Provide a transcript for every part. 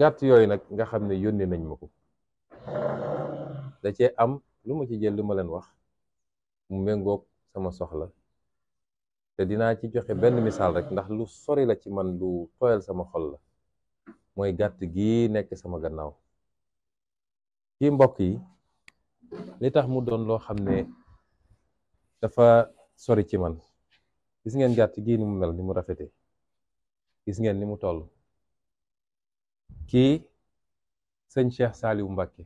gàtt yooyu nag nga xam ne yónnee nañ ma ko da cee am lu ma ci jël li ma leen wax mu méngoog sama soxla te dinaa ci joxe benn misaal rek ndax lu sori la ci man lu tooyal sama xol la mooy gàtt gii nekk sama gannaaw kii mbokk yi li tax mu doon loo xam ne dafa sori ci man gis ngeen gàtt gii ni mu mel ni mu rafete gis ngeen ni mu toll kii sëñ Cheikh Saliou Mbacké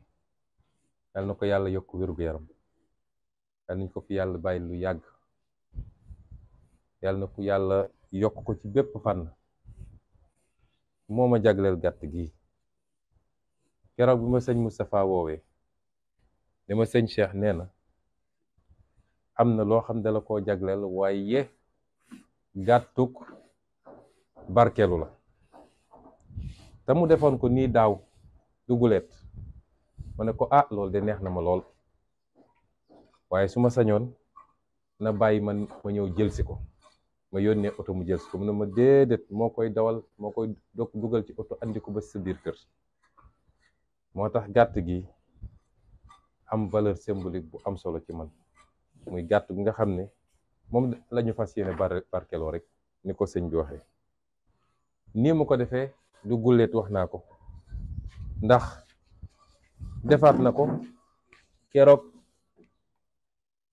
yal na ko yàlla yokk wér-gu-yaram nañ ko yàlla bàyyi lu yàgg yal na ku yàlla yokk ko ci bépp fànn moo ma jagleel gàtt gi keroog bi ma sëñ Moustapha woowee ne ma sëñ Cheikh nee na am na loo xam ne la koo jagleel waaye gàttuk barkelu la te mu defoon ko nii daaw duguleet ma ne ko ah loolu de neex na ma lool waaye su ma sañoon na bàyyi man ma ñëw jëlsi ko ma yónnee oto mu jëlsi ko mu na ma déedéet moo koy dawal moo koy dog dugal ci oto andi ko ba sa biir kër moo tax gàtt gi am valeur symbolique bu am solo ci man muy gàtt bi nga xam ne moom lañu ñu fas yéene barkeloo rek ni ko sëñ bi waxee nii mu ko defee du gulleet wax naa ko ndax defaat na ko keroog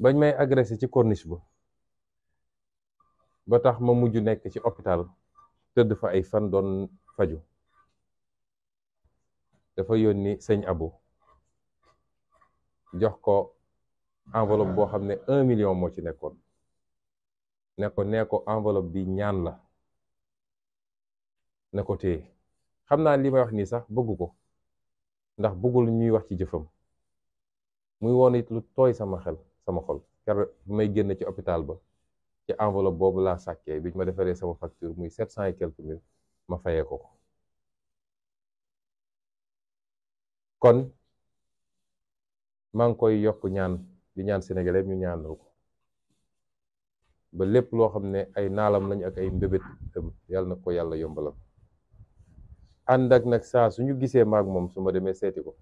bañ may agressé ci corniche ba ba tax ma mujj nekk ci hôpital tëdd fa ay fan doon faju dafa yónni sëñ abu jox ko enveloppe boo xam ne un million moo ci nekkoon ne ko nee ko enveloppe bi ñaan la ne ko téye am naa li may wax nii sax bëggu ko ndax bëggul ñuy wax ci jëfam muy woon it lu tooy sama xel sama xol ker bi may génn ci hôpital ba ci enveloppe boobu laa sàkkee bi ñu ma defaree sama facture muy sept cent et quelques mille ma fayee ko ko kon maa ngi koy yokk ñaan di ñaan sénégalais ñu ñaanal ko ba lépp loo xam ne ay naalam lañ ak ay mbébét yàlla na ko yàlla yombalam ànd ak nag saa su ñu gisee maag moom su ma demee seeti ko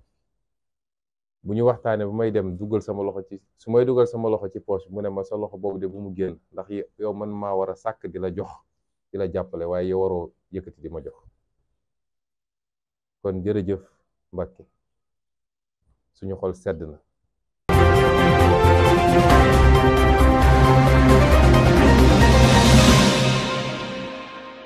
bu ñu waxtaanee bu may dem dugal sama loxo ci su may dugal sama loxo ci poche mu ne ma sa loxo boobu de bu mu génn ndax yow man maa war a sàkk di la jox di la jàppale waaye yow waroo yëkkati di ma jox kon jërëjëf Mbàkke suñu xol sedd na